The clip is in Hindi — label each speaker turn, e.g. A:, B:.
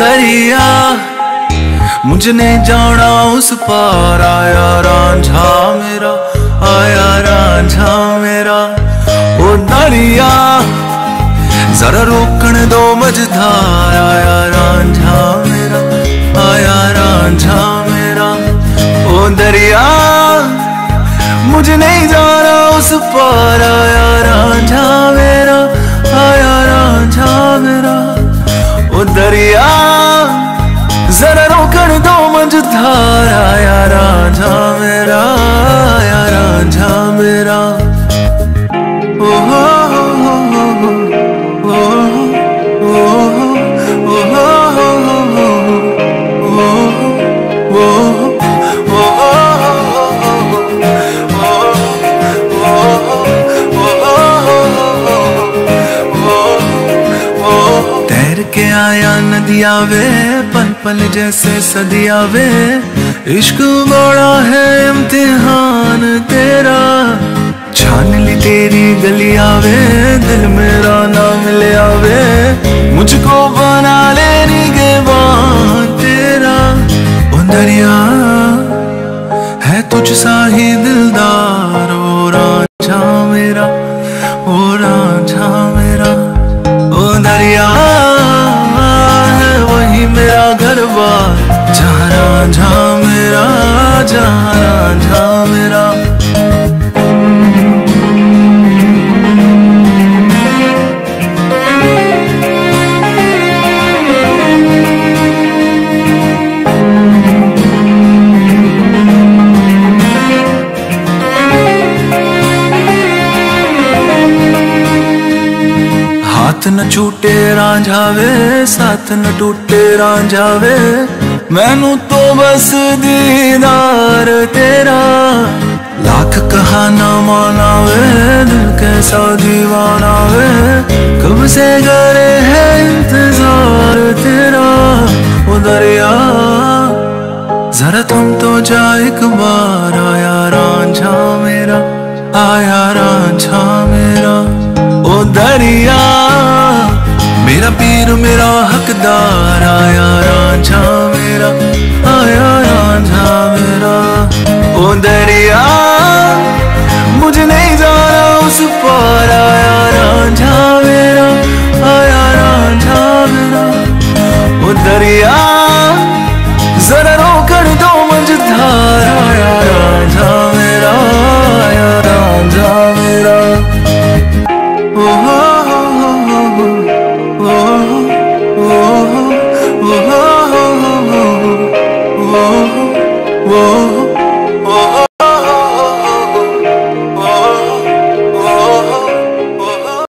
A: दरिया
B: मुझने जाना उस पार आया रांझा मेरा आया रांझा मेरा ओ दरिया जरा रोकण दो मझधार आया मुझे नहीं जा रहा उस पारा यारा जा मेरा नदिया नदिया वे पल पल जैसे सदिया वे इश्क बड़ा है इम्तिहान तेरा छान ली तेरी गलिया वे दिल मेरा ना मिले आवे मुझको बना ले तेरा ओ दरिया है तुझ सा ही दिल राजा मेरा राजा राजा मेरा न छूटे राझावे साथ न टूटे रांझावे मैनू तो बस दीदार तेरा लाख कहाना माना वे दिल कैसा दीवाना वे कब से करे है इंतजार तेरा ओ दरिया जरा तुम तो जा एक बार आया रांझा मेरा आया रांझा मेरा ओ दरिया मेरा पीर मेरा हकदार आया रांझा दरिया जरा रोकड़ दो मुझधारा राजा
A: मेरा या राजा मेरा ओ हो हो हो हो ओ हो ओ हो हो हो हो हो